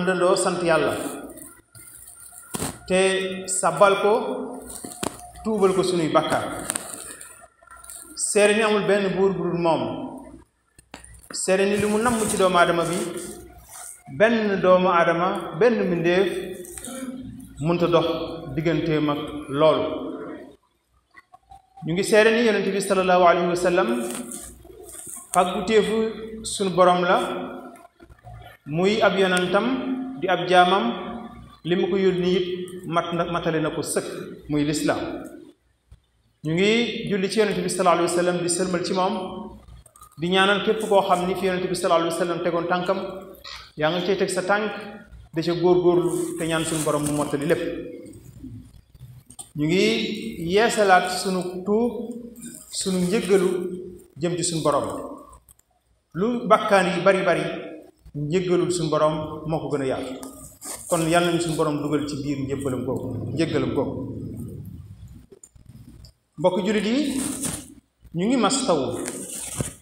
àndandoo sant yàlla te sabbal ko tuubal ko sunuy bàkkaar seere ni amul benn buur bu dul moom seere ni li mu namm ci doomu aadama bi benn doomu aadama benn mbindéef mënta dox digganteem ak loolu ñu ngi seere ni yonent bi sallallahu alayhi wa sallam fàggu téefu suñu borom la muy ab yonentam di ab jaamam li mu ko yónni it mat na matale na ko sëkk muy lislaam ñu ngi julli ci yonent bi sallallahu alayhi wa sallam di sëlmal ci moom di ñaanal képp koo xam ni fi yonent bi sallallahu alayhi wa tegoon tànkam yaa ngi cay teg sa tànk da ca góorgóorlu te ñaan suñu borom mu mottali lépp ñu ngi yeesalaat iya sunu tuub sunu njëggalu jëm ci suñu borom lu bakkaan yi bari bari njëggalul suñu borom moo ko gën a yaatu kon yàlla nañu suñu borom dugal ci biir njëbbalam googu njëggalam googu mbokk julit yi ñu ngi mas taw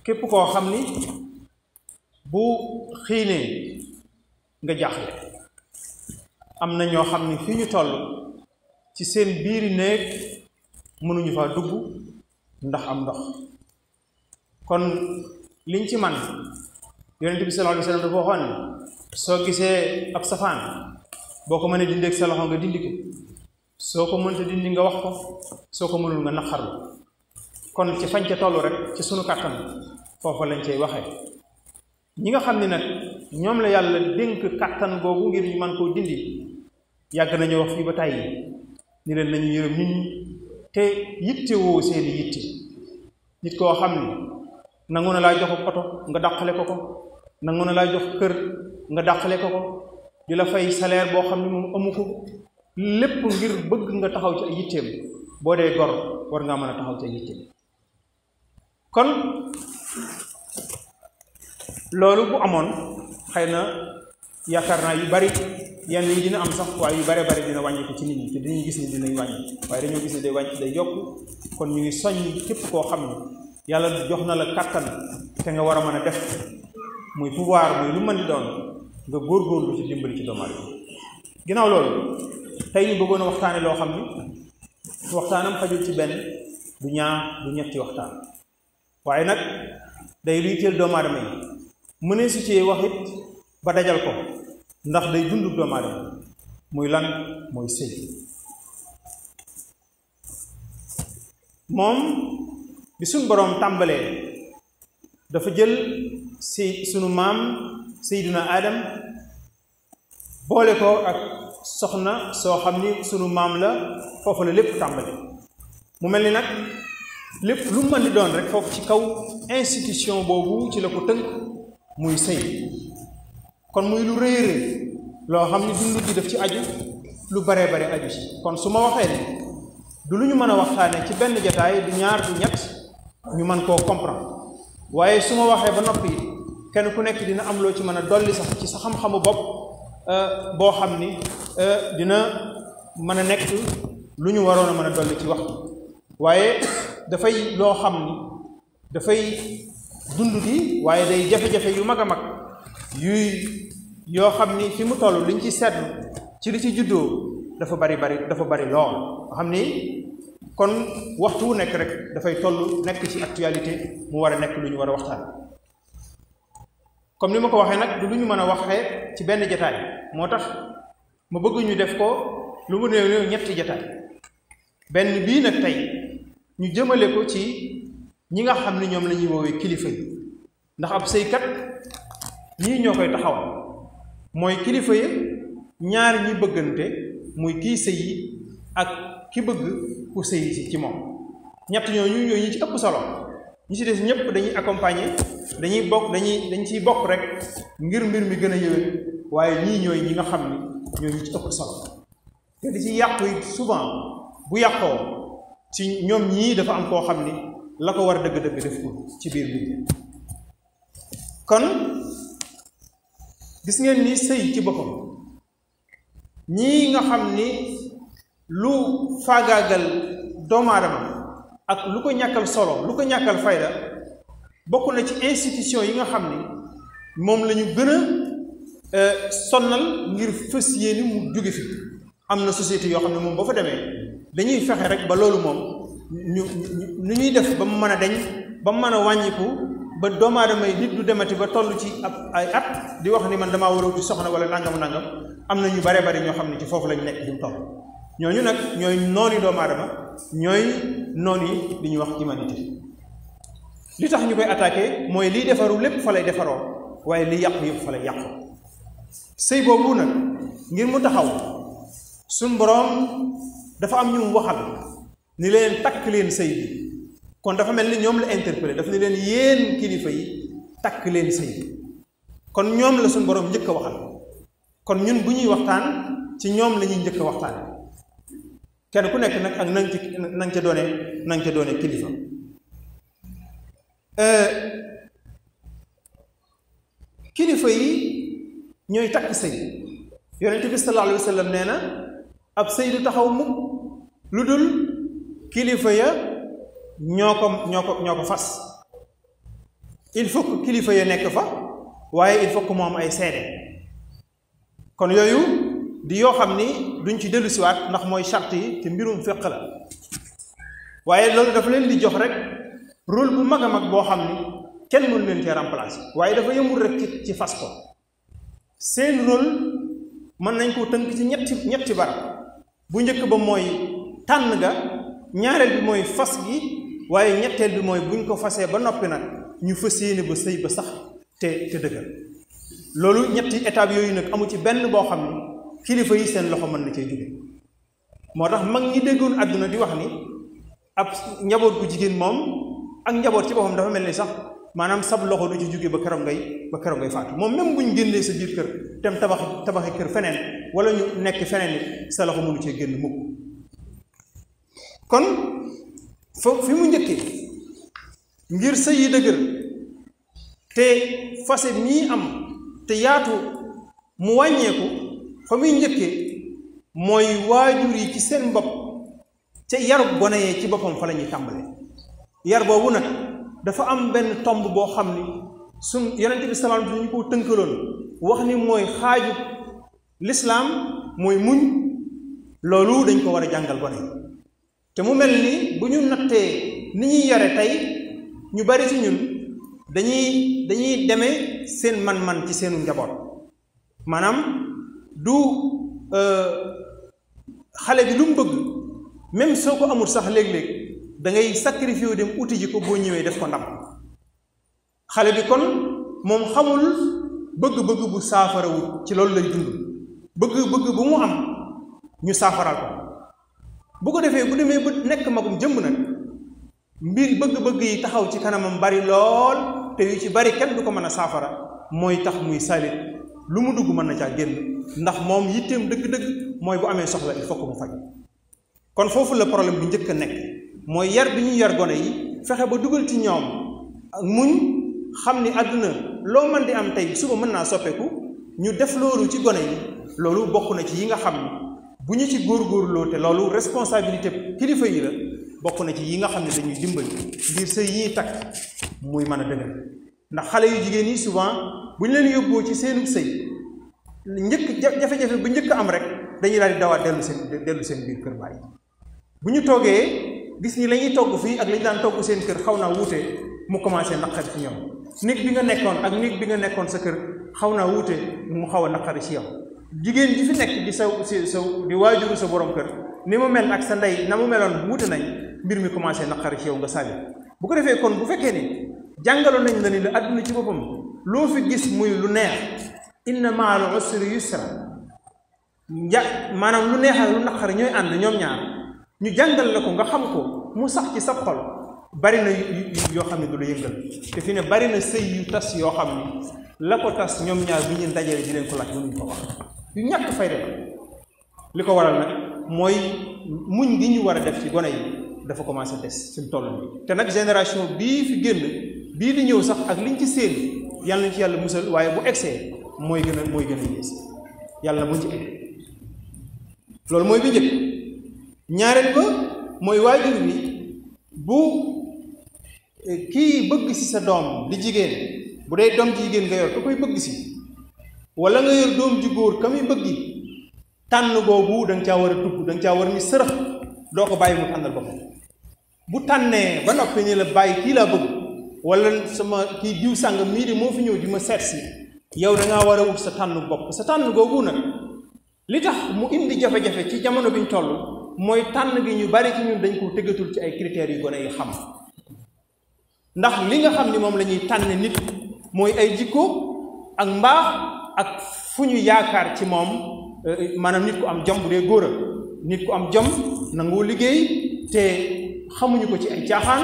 képp koo xam ni bu xiinee nga jaaxle am na ñoo xam ne fii ñu toll ci seen biiri néeg mënuñu faa dugg ndax am ndox kon liñ ci man yonent bi sallallahu alayhi wa sallam ne soo gisee ab safaan boo ko mënee dindi ak sa loxo nga dindi ko soo ko mënta dindi nga wax ko soo ko mënul nga naqarlu kon ci fañ ca tollu rek ci sunu kàttan foofu lañ cay waxee ñi nga xam ne nag ñoom la yàlla dénk kàttan googu ngir man mën koo dindi yàgg nañu wax fii ba tàyyi ni leen nañu yërëm nit ñi te yitte woo seeni yitte nit koo xam ne nangu na laa jox poto nga dàqale ko ko nangu a laa jox kër nga dàqale ko ko di la fay salaire boo xam ne moom amu ko lépp ngir bëgg nga taxaw ci ay yitteem boo dee gor war ngaa mën a taxaw ci ay yitteem kon loolu bu amoon xëy na yaakaar naa yu bari yenn yi dina am sax waaye yu bare bari dina wàññi ci nit ñi te dañuy gis ni dinañ wàññi waaye dañoo gis ne day wàññi day yokk kon ñu ngi soññ képp koo xam ne yàlla jox na la kàttan te nga war a mën a def muy pouvoir muy lu mën di doon nga góorgóorlu ci dimbali ci doomu aadama ginnaaw loolu tey ñu bëggoon waxtaane loo xam ni waxtaanam xajul ci benn du ñaar du ñetti waxtaan waaye nag day luy teel doomu aadama yi mënee su cee wax it ba dajal ko ndax day dundu doomu aadama muy lan mooy sëy moom bi suñ boroom tàmbalee dafa jël si sunu maam seydina aadam boole ko ak soxna soo xam ni sunu maam la foofu la lépp tàmbale mu mel ni nag lépp lu mën doon rek foofu ci kaw institution boobu ci la ko tënk muy sëy kon muy lu rëy rëy loo xam ni dund gi daf ci aju lu baree bare aju ci kon su ma waxee ni du lu ñu mën a waxtaanee ci benn jataay du ñaar du ñett ñu mën koo comprendre waaye su ma waxee ba noppi kenn ku nekk dina am loo ci mën a dolli sax ci sa xam-xamu bopp euh, boo xam ni euh, dina mën a nekk lu ñu waroon a mën a dolli ci wax waaye dafay loo xam ni dafay dund gi waaye day jafe-jafe yu mag a mag yuy yoo xam ni fi mu toll liñ ci seetlu ci li ci juddoo dafa bari bari dafa bari lool nga xam ni kon waxtu wu nekk rek dafay toll nekk ci actualité mu war a nekk lu ñu war a waxtaan comme ni ma ko waxee nag du lu ñu mën a waxee ci benn jataay moo tax ma bëgg ñu def ko lu mu néew néew ñetti jataay benn bii nag tey ñu jëmale ko ci ñi nga xam ne ñoom lañuy ñuy woowee kilifa yi ndax ab sëykat ñii ñoo koy taxaw mooy kilifa yi ñaar ñi bëggante muy kii sëy yi ak ki bëgg ku sëy si ci moom ñett ñoo ñuy ñooy ñi ci ëpp solo ñu si des ñëpp dañuy accompagner dañuy bokk dañuy dañ ciy bokk rek ngir mbir mi gën a yëwén waaye ñii ñooy ñi nga xam ni ñooy ñi ci ëpp solo te di ci yàqu yi souvent bu yàqoo ci ñoom ñii dafa am koo xam ni la ko war dëgg-dëgg def ko ci biir bi kon gis ngeen ni sëy ci boppam ñii nga xam ni lu faagaagal doomu aadama ak lu ko ñàkkal solo lu ko ñàkkal fayda bokku na ci institution yi nga xam ni moom la ñu gën a e, sonnal ngir fës yéeni mu jóge fi am na société yoo xam ne moom ba fa demee dañuy fexe rek ba loolu moom ñu nu ñuy def ba mu mën a dañ ba mu mën a wàññiku ba doomu aadama yi nit du demati ba toll ci ab ay at di wax ni man dama war a wuti soxna wala nangam nangam am na ñu bare bari ñoo xam ne ci foofu lañu nekk di mu toll ñooñu nag ñooy nooni doomu aadama ñooy noon yi li ñuy wax humanité li tax ñu koy attaqué mooy liy defaru lépp fa lay defaroo waaye li yàqu yëpp fa lay yàqu sëy boobu nag ngir mu taxaw suñ boroom dafa am ñu mu waxal ni leen takk leen sëy bi kon dafa mel ni ñoom la interpellé dafa ni leen yéen kilifa yi takk leen sëy kon ñoom la suñu borom njëkk a waxal kon ñun bu ñuy waxtaan ci ñoom lañuy ñuy njëkk a waxtaan kenn ku nekk nag ak nang ci nang ca doone nang ca doone kilifa euh, kilifa yi ñooy takk sëy yonent bi sallallahu alayhi wa nee na ab sëy du taxaw mukk lu dul kilifa ya ñoo ko ñoo ko ñoo ko fas il faut kilifa ya nekk fa waaye il faut que moom ay seede kon yooyu di yoo xam ni duñ ci dellu ndax mooy charte yi te mbirum fiq la waaye loolu dafa leen di jox rek rôle bu mag a mag boo xam ni kenn mënu leen cee remplacer waaye dafa yëmul rekk ci ci fas ko seen rôle mën nañ koo tënk ci ñetti ñetti barab bu njëkk ba mooy tànn ga ñaareel bi mooy fas gi waaye ñetteel bi mooy buñ ko fasee ba noppi nag ñu fas yéene ba sëy ba sax te te loolu ñetti étape yooyu nag amu ci benn boo xam ne kilifa yi seen loxo mën na cee jóge moo tax mag ñi déggoon àdduna di wax ni ab njaboot bu jigéen moom ak njaboot ci boppam dafa mel ni sax maanaam sab loxo du ci ba keroog ngay ba keroog ngay moom même bu ñu génnee sa biir kër dem tabax tabaxi kër feneen wala ñu nekk feneen it sa loxo mënu cee génn mukk kon foofu fi mu njëkkee ngir sëy yi dëgër te fase mii am te yaatu mu wàññeeku fa muy njëkkee mooy waajur yi ci seen bopp ca yarub gone yee ci boppam fa la ñuy tàmbale yar boobu nag dafa am benn tomb boo xam ni suñ yonent bi salaam ñu ko tënkaloon wax ni mooy xaaju lislaam mooy muñ loolu dañ ko war a jàngal gone te mu mel ni bu ñu nattee ni ñuy yare tey ñu bari ci ñun dañuy dañuy demee seen man-man ci seenu njaboot maanaam du euh, xale bi lu mu bëgg même soo ko amul sax léeg-léeg da ngay sacrifier dem uti ji ko boo ñëwee def ko ndam xale bi kon moom xamul bëgg-bëgg bu saafarawut ci loolu lay dund bëgg-bëgg bu mu am ñu saafaral ko bu ko defee bu demee ba nekk magum jëmm nag mbir bëgg-bëgg yi taxaw ci kanamam bari lool te yu ci bari kenn du ko mën a saafara mooy tax muy salit lu mu dugg mën na caa génn ndax moom yitteem dëgg-dëgg mooy bu amee soxla il faut que mu faj kon foofu la problème bu njëkk a nekk mooy yar bi ñuy yar gone yi fexe ba dugal ci ñoom ak muñ xam ni àdduna loo mën di am tey suba mën naa soppeeku ñu def loolu ci gone yi loolu bokk na ci yi nga xam ni bu ñu ci góorgóorloo te loolu responsabilité kilifa yi la bokk na ci yi nga xam ne dañuy dimbali ngir sëy yi ñuy takk muy mën a dëgër ndax xale yu jigéen yi souvent bu ñu leen yóbboo ci seenu sëy njëkk jafe-jafe bu njëkk am rek dañuy daal di dawaat dellu seen dellu seen biir kër bàyyi bu ñu toogee gis ni la ñuy togg fii ak lañu daan togg seen kër xaw naa wuute mu commencé naqar ci ñoom néeg bi nga nekkoon ak néeg bi nga nekkoon sa kër xaw naa wuute mu xaw a naqari ci jigen ji fi nek di saw si saw di wajuru sa borom keur ni mu mel ak sa nday na mu meloon wuute nañ mbir mi commencé nakar ci yow nga saabi bu ko defé kon bu fekkee ni jàngaloon nañ la ni la aduna ci bopam lo fi gis muy lu neex inna maal usri yusra ya manam lu neex ak lu nakar ñoy and ñom ñaar ñu jangal la ko nga xam ko mu sax ci sa xol bari na yo xamni du la yëngal te fi ne bari na sey yu tass yo xamni la ko tass ñom ñaar bi ñi dajale di len ko laaj ko wax yu ñàkk fayda la li ko waral nag mooy muñ gi ñu war def ci gone yi dafa commencé des suñ toll te nag génération bii fi génn bii di ñëw sax ak liñ ci seen yàlla nañ ci yàlla musal waaye bu egsee mooy gën a mooy gën a yées yàlla muñ ci loolu mooy bi njëkk ñaareel ba mooy waajur bi bu eh, kii bëgg si sa doom di jigéen bu dee doom ji jigéen nga yor da koy bëgg si wala nga yor dom ju goor kamuy muy bëgg tànn googu dang ca wara war a dugg da nga caa war ni sërëx do ko bayyi mu tànnal boppam bu tanne ba nopi ni la bayyi ki la bëgg wala sama ki diw sang mi di mo fi ñew di ma seet yow da nga wara wut sa tan bopp sa tan googu nak li tax mu indi jafé jafé ci jamono biñ tollu moy tan gi ñu bari ci ñun dañ ko teggatul ci ay critères yu xam ndax li nga xam ni mom lañuy ñuy nit moy ay jikko ak mbax ak fu ñu yaakaar ci moom euh, maanaam nit ku am jom bu dee góor nit ku am jom nangoo liggéey te xamuñu ko ci ay caaxaan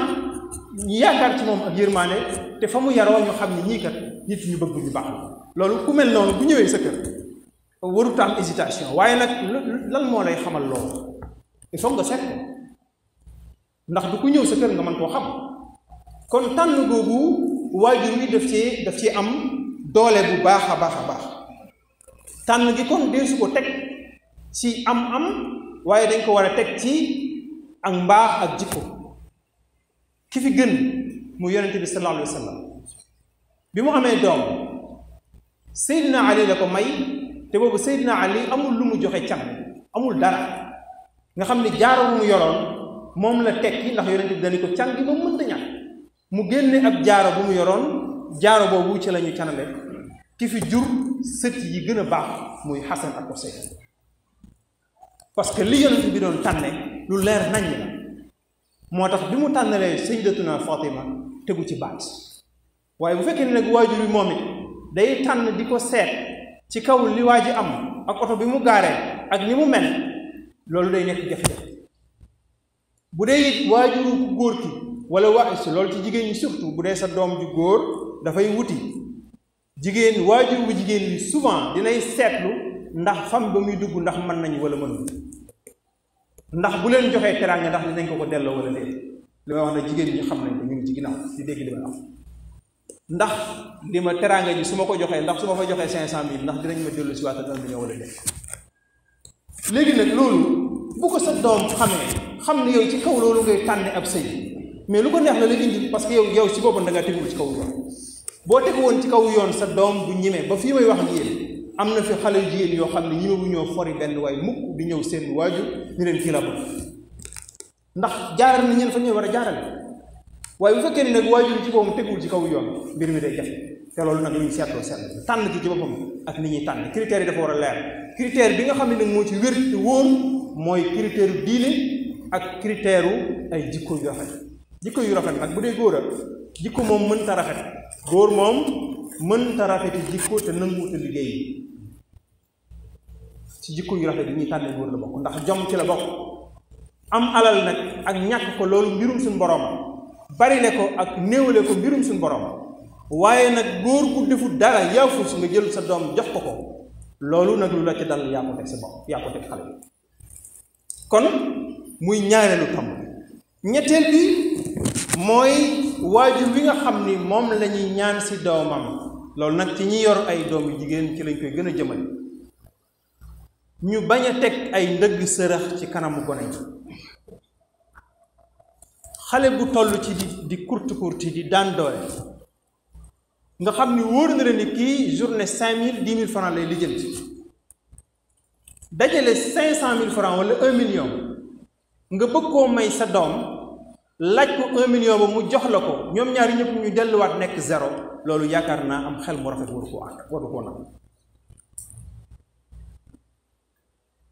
ñu yaakaar ci moom ak yërmaande te fa mu yaroo ñu xam ne ñii kat nit ñu bëgg baax la loolu ku mel noonu bu ñëwee sa kër warut am hésitation waaye nag lan moo lay xamal loolu il faut nga seet ndax du ku ñëw sa kër nga man koo xam kon tànn googu waajur wi daf ci daf ci am doole bu baax a baax a baax tànn gi kon deesu ko teg ci am-am waaye dañ ko war a teg ci ak mbaax ak jikko ki fi gën mu yonente bi sallallahu alayhi wa bi mu amee doom Seydina Ali da ko may te boobu Seydina Ali amul lu mu joxe can amul dara nga xam ni jaaro bu mu yoroon moom la tekki ndax yonente bi dañu ko can gi ba mënta ñàkk mu génne ab jaaro bu mu yoroon jaaro boobu ci lañuy ñu canale ki fi jur sët yi gën a baax muy xasan ak Useyn parce que li yonent bi doon tànne lu leer nañ la moo tax bi mu tànnalee sayyidatuna Fatima tegu ci baat waaye bu fekkee ne nag waajur bi moom it day tànn di ko seet ci kaw li waa ji am ak oto bi mu gaaree ak ni mu mel loolu day nekk jafe-jafe bu dee it waajuru ku góor ki wala waa loolu ci jigéen ñu surtout bu dee sa doom ju góor dafay wuti jigéen waajur bu jigéen bi souvent dinay seetlu ndax fam ba muy dugg ndax mën nañu wala mënu ndax bu leen joxee teraanga ndax dinañ ko ko delloo wala déet li may wax ne jigéen ñi xam nañ ko ngi ci ginnaaw dégg li may ndax li ma teraanga ji su ma ko joxee ndax su ma fa joxee cinq cent mille ndax dinañ ma dellu si waata un million wala déet léegi nag loolu bu ko sa doom xamee xam ne yow ci kaw loolu ngay tànne ab sëy mais lu ko neex la la indi parce que yow yow si boppam da ngaa tegu ci kaw loolu boo teg woon ci kaw yoon sa doom du ñime ba fii may wax ak am na fi xale jigéen yoo xam ne ñime bu ñoo fori benn waay mukk di ñëw seen waajur ñu leen kii la ndax jaaral na ñeen fa ñëw war a jaaral waaye bu fekkee ne nag waajur ci boppam tegul ci kaw yoon mbir mi day jafe te loolu nag ñu seetloo seetlu tànn ki ci boppam ak ni ñuy tànn critères yi dafa war a leer critère bi nga xam ne nag moo ci wér te wóor mooy critère diine ak critère ay jikko yu rafet jikko yu rafet nag bu dee góor jikko moom mën mënta rafet góor moom mënta rafeti jikko te nanguuta liggéey ci jikko yu rafet yi ñuy tànne góor la bokk ndax jom ci la bokk am alal nag ak ñàkk ko loolu mbirum suñu borom bari ne ko ak néewale ko mbirum suñu borom waaye nag góor bu deful dara yaafus nga jël sa doom jox ko ko loolu nag lu la ci dal yaa ko teg sa bopp yaa ko teg xale bi kon muy ñaareelu tomb ñetteel bi mooy waajur wi nga xam ni moom lañuy ñaan si doomam loolu nag ci ñi yor ay doom yu jigéen ci lañ koy gën a jëmal ñu bañ a teg ay ndëgg sërëx ci kanamu gone yi xale bu ci di di kurti kurti di daan nga xam ni wóor na la ni kii journée cinq mille dix mille francs lay lijjanti dajale cinq cent mille francs wala un million nga bëgg koo may sa doom laaj ko un million ba mu jox la ko ñoom ñaari ñëpp ñu delluwaat nekk zéro loolu yaakaar naa am xel mu rafet waru koo ànd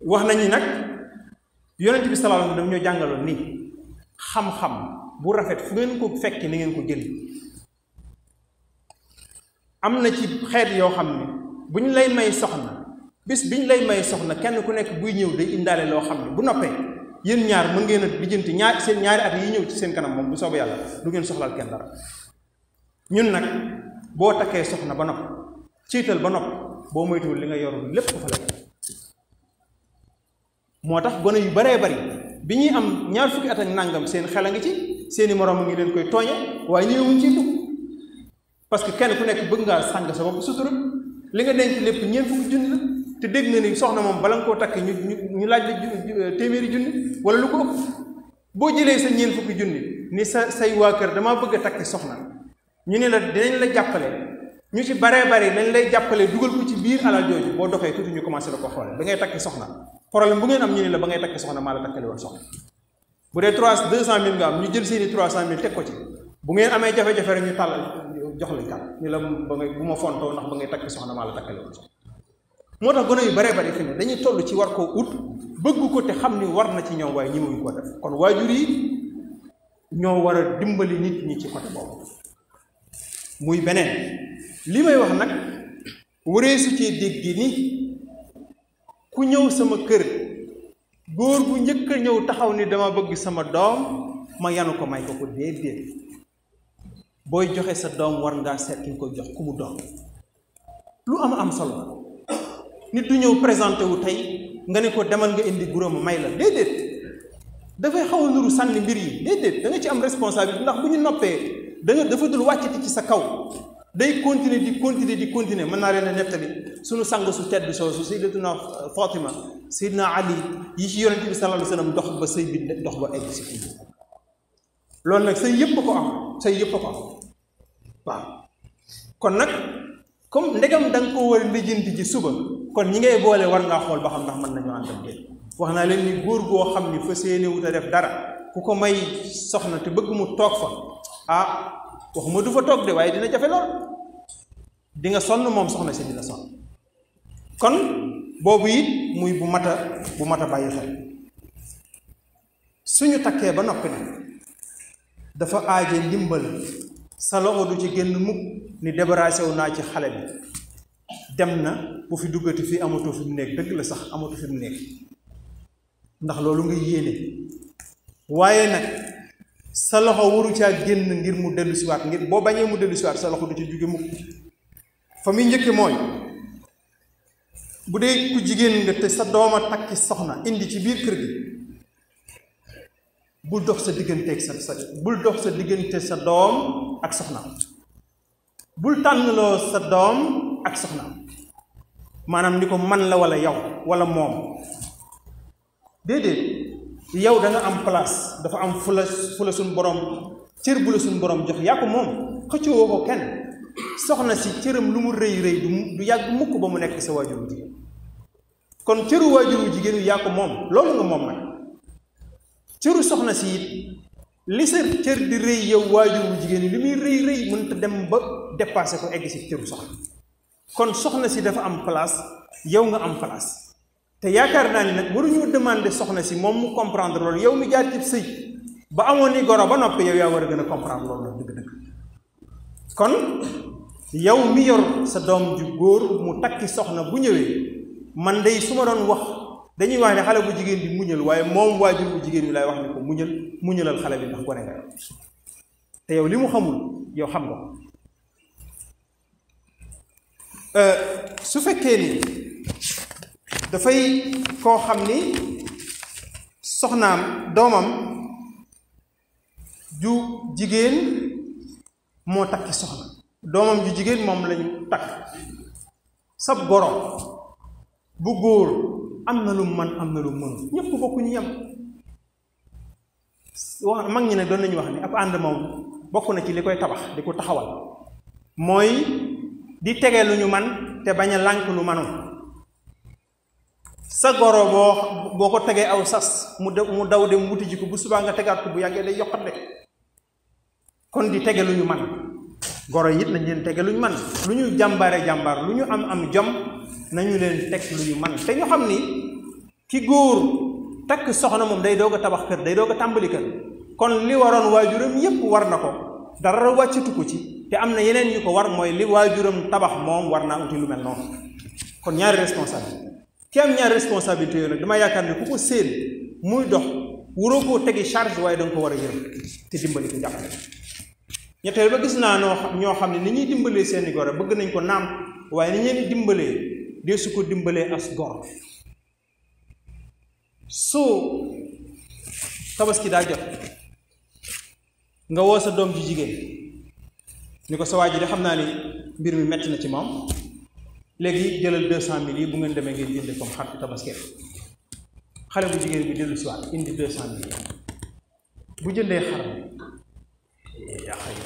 wax nañu nag yonent bi sallallahu alayhi wasallam ñoo jàngaloon ni xam-xam bu rafet fu ngeen ko fekk ni ngeen ko jëli am na ci xeet yoo xam ne bu ñu lay may soxna bis bi ñu lay may soxna kenn ku nekk buy ñëw day indaale loo xam ne bu noppee yéen ñaar mën ngeen a lijjanti ñaar seen ñaari at yi ñëw ci seen kanam moom bu soobee yàlla du ngeen soxlaal kenn dara ñun nag boo takkee soxna ba nopp ciital ba nopp boo moytuwul li nga yorul lépp fa la moo tax gone yu baree bari bi ñuy am ñaar fukki at ak seen xel a ngi ci seeni moroom ngi leen koy tooñe waaye ñëwuñ ci parce que kenn ku nekk bëgg ngaa sàng sa bopp sutura li nga denc lépp ñeent fukki junni la te dégg na ni soxna moom bala nga koo takk ñu ñu ñu laaj la euh, téeméeri junni wala lu ko ëpp boo jëlee sa ñeen fukki junni ni sa say waa kër damaa bëgg a takk soxna ñu ne la dinañ la jàppale ñu ci baree bare dañ lay jàppale dugal ko ci biir alal jooju boo doxee tuuti ñu la xoole da ngay takk soxna problème bu ngeen am ba ngay takk soxna maa la takkale woon soxna bu dee deux cent mille nga am ñu jël seeni trois cent mille teg ko ci bu ngeen amee jafe-jafe rek ñu tàll jox lañ tàll ñu la ba ngay bu ma fontoo ndax ba ngay takk soxna maa la takkale woon moo tax gone yu bare bari fi ne dañuy tollu ci war koo ut bëgg ko te xam ni war na ci ñoom waaye ñi muy ko def kon waajur yi ñoo war a dimbali nit ñi ci côté boobu muy beneen li may wax nag waree su cee dégg ni ku ñëw sama kër góor bu njëkk a ñëw taxaw ni dama bëgg sama doom ma yanu ko may ko ko déedéet booy joxe sa doom war ngaa seet ki nga koy jox ku mu doon lu am am solo nit du ñëw présenté wu tey nga ne ko demal nga indi guro ma may la déedéet dafay xaw a nuru sànni mbir yi déedéet da ci am responsabilité ndax bu ñu noppee da dafa dul wàccati ci sa kaw day continuer di continuer di continuer mën naa leen a nettali suñu sang su tedd soosu sayyidatuna Fatima sayyidina Ali yi ci yonente bi sallallahu alayhi wasallam dox ba sëy bi ndox ba egg si fii loolu nag sëy yëpp ko am sëy yëpp ko am waaw kon nag comme ndegam da nga ko war a lijjanti ji suba kon ñi ngay boole war ngaa xool ba xam ndax mën nañoo ànd ak déet wax naa leen ni góor goo xam ni fa séene wut a def dara ku ko may soxna te bëgg mu toog fa ah waxuma du fa toog de waaye dina jafe lool di nga sonn moom soxna si dina sonn kon boobu it muy bu mat a bu mat a bàyyi xel suñu takkee ba noppi nag dafa aaje ndimbal sa loxo du ci génn mukk ni débarrassé wu naa ci xale bi dem na bu fi duggati fii amatu fi mu nekk dëgg la sax amatu fi mu ndax loolu nga yéene waaye nag sa loxo waru caa génn ngir mu dellu siwaat ngir boo bañee mu dellu siwaat sa loxo du ci jóge mukk fa muy njëkke mooy bu dee ku jigéen nga te sa dooma takki soxna indi ci biir kër gi bul dox sa digganteeg sa sa bul dox sa diggante sa doom ak soxnaam bul tànnloo sa doom ak soxnaam maanaam ni ko man la wala yow wala moom déedéet yow da nga am place dafa am fu la fu la suñ borom cër bu la suñ borom jox yaa ko moom xëccoo ko kenn soxna si cëram lu mu rëy rëy du yàgg mukk ba mu nekk sa waajuru jigéen kon cëru waajuru jigéenu yaa ko moom loolu nga moom nag cëru soxna si li sa cër di rëy yow waajur wu jigéen li muy rëy rëy ta dem ba dépassé ko egg si cëru soxna kon soxna si dafa am place yow nga am place te yaakaar naa ni nag waruñoo demander soxna si moom mu comprendre loolu yow mi jaar ci sëy ba amoon ni goro ba noppi yow yaa war a gën a comprendre loolu nag dëgg-dëgg kon yow mi yor sa doom ju góor mu takki soxna bu ñëwee man day su ma doon wax dañuy wax ne xale bu jigéen bi muñal waaye moom waajur bu jigéen bi lay wax ne ko muñal muñalal xale bi ndax gone nga yow te yow li mu xamul yow xam nga euh, su fekkee ni dafay koo xam ni soxnaam doomam ju jigéen moo takki soxna doomam jigéen moom lañu takk sab goro bu góor am na lu man am na lu mënu ñëpp ñu yam wax mag ñi ne doon nañu wax ne ab ànd moom bokk na ci li koy tabax di ko taxawal mooy di tege lu ñu man te bañ a lànk lu manul sa goro boo boo ko tegee aw sas mu de mu daw dem wuti ji ko bu subaa nga tegaat ko bu yàggee day yokkat de kon di tege lu ñu man goro yit nañ leen tege lu ñu man lu ñu jàmbare jàmbaar lu ñu am am jom nañu leen teg lu ñu man te ñu xam ni ki góor takk soxna moom day doog tabax kër day doog tàmbali kër kon li waroon waajuram yépp war na ko dara wàccatu ko ci te am na yeneen yi ko war mooy li waajuram tabax moom war naa uti lu mel noonu kon ñaari responsabilité ki am ñaari responsabilité yooyu nag dama yaakaar ne ku ko séen muy dox wuroo koo tegi charge waaye da nga ko war a yërëm te dimbali ko jàppale ñetteel ba gis naa noo ñoo xam ne ni ñuy dimbalee seeni gore bëgg nañ ko naam waaye ni ñeen dimbalee dee su ko dimbalee as gor so tabaski daa jot nga woo sa doom ji jigéen ni ko sa waa ji de xam naa ni mbir mi metti na ci moom léegi jëlal 200 cent mille yi bu ngeen demee ngeen jënd comme xar tabaski xale bu jigéen bi dellu si waat indi 200 cent mille bu jëndee xar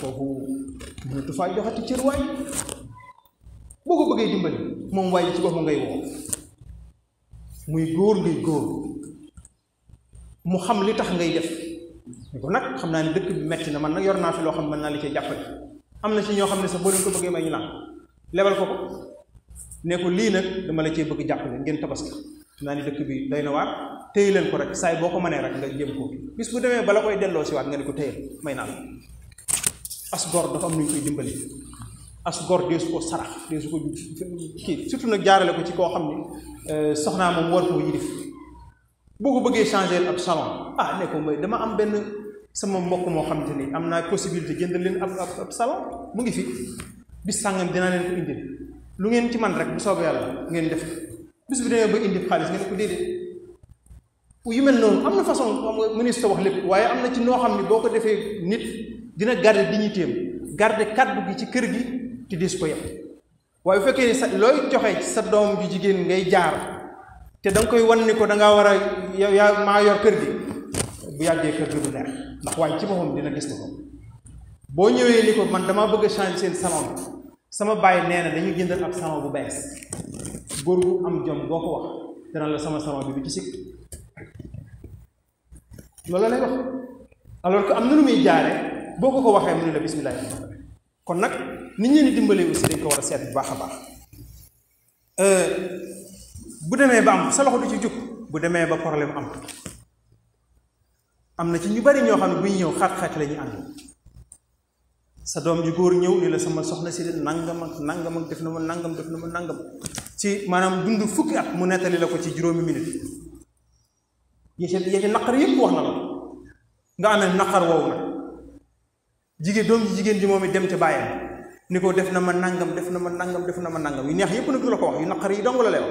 kooku mënatu faa joxati cër waay boo ko bëggee dimbali moom waay ci boppam ngay woo muy góor ngay góor mu xam li tax ngay def ni ko nag xam naa ne dëkk bi metti na man nag yor naa fi loo xam mën naa li cee jàppale na ñoo xam ne sax boo leen ko bëggee may ñu lànk lebal ko ko ne ko lii nag dama la cee bëgg jàppale ngeen tabaski xam naa ne dëkk bi doy na waar téye leen ko rek saay boo ko mënee rek nga jëm ko bis bu demee bala koy delloo si waat nga ne ko téye may naa la asgor dafa am ñu koy dimbali asgor des ko sarax des ko ki surtout nak jaarale ko ci ko xamni euh soxna mom war ko yidif bu ko bëggee changer ab salon ah ne ko may dama am benn sama mbokk moo xam te ni am naa possibilité jënd leen ab ab salon mu ngi fi bi sàngam dinaa leen ko indil lu ngeen ci man rek bu soobee yàlla ngeen def bis bi dañoo ba indi xaalis ngeen ko déedéet yu mel noonu am na façon xam nga ministre wax lépp waaye am na ci noo xam ni boo ko defee nit dina garder dignitéem garde kaddu gi ci kër gi te des ko yem waaye bu fekkee ne sa looy joxe sa doom ju jigéen ngay jaar te da koy wan ni ko da ngaa war a yow yaa maa yor kër gi bu yàggee kër gi du ci boppam dina gis ko ñëwee ni man damaa bëgg a seen salon sama bàyyi nee na dañu jëndal ab salon bu bees góor gu am jom boo am na lu muy jaare boo ko ko waxee mu ne la bisimilah kon nag nit ñi di dimbalee aussi dañ ko war a seet bu baax a baax euh, bu demee ba am sa loxo bu demee ba problème am am na ci ñu bari ñoo xam ne bu ñëw xaat-xaat la ñuy ànd góor ñëw ni la sama soxna si de nangam ak def na ma nangam def na ma nangam ci maanaam dund fukki mu nettali la ko ci juróomi minute yi ci yi ci naqar yëpp wax na la nga amee naqar woowu jigéen doom ji jigéen ji moom it dem ca bàyyam ni ko def na ma nangam def na ma nangam def na ma nangam yu neex yëpp nag du la ko wax yu naqar yi dong la leew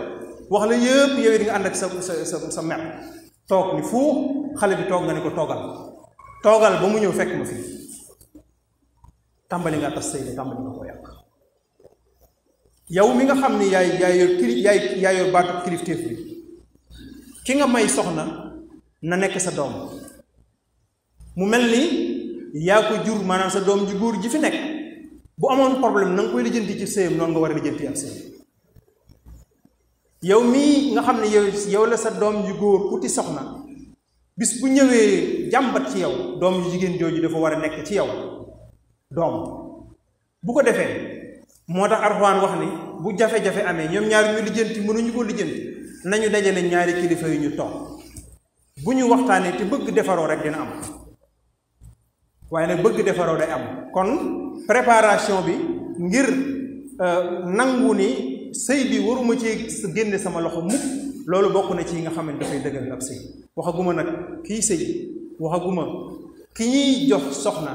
wax la yëpp yow di nga ànd ak sa sa sa sa mer toog ni xale bi toog nga ko toogal toogal ba mu ñëw fekk ma fii tàmbali nga tas sëy bi mi nga xam ni yaay yaay yor kili yaay yaay yor baatu kilifteef bi ki nga may soxna na nekk sa doom mu mel ni yaa ko jur maanaam sa doom ju góor ji fi nekk bu amoon problème na nga koy lijjanti ci sëyam noonu nga war a lijjanti ak sëyam yow mii nga xam ne yow yow la sa doom ju góor uti soxna bis bu ñëwee jàmbat ci yow doom ju jigéen jooju dafa war a nekk ci yow doom bu ko defee moo tax Alxuraan wax ni bu jafe-jafe amee ñoom ñaar ñu lijjanti mënuñu ko lijjanti nañu dajale ñaari kilifa yu ñu toog bu ñu waxtaanee te bëgg defaroo rek dina am waaye nag bëgg defaroo day am kon préparation bi ngir euh, nangu ni sëy bi waruma ci génne sama loxo mukk loolu bokk na ci yi nga xam ne dafay dëgëral ab sëy waxaguma nag kii sëy waxaguma ki ñuy jox soxna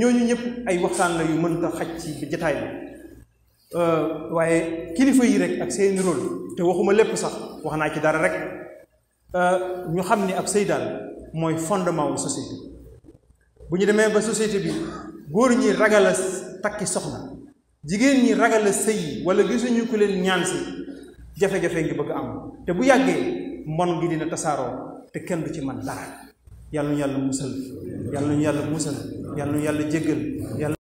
ñooñu ñëpp ay waxtaan la yu mën mënta xaj ci jataay bi euh, waaye kilifa yi rek ak seeni rôle te waxuma lépp sax wax naa ci dara rek euh, ñu xam ni ab sëy daal mooy fondement wu société bu ñu demee ba société bi góor ñi ragal a takki soxna jigéen ñi ragal a sëy wala gisuñu ku leen ñaan si jafe-jafe ngi bëgg am te bu yàggee mbon ngi dina tasaaroo te kenn du ci man dara yàlla yàlla musal yàlla ñu yàlla musal yàlla ñu yàlla jéggal yàlla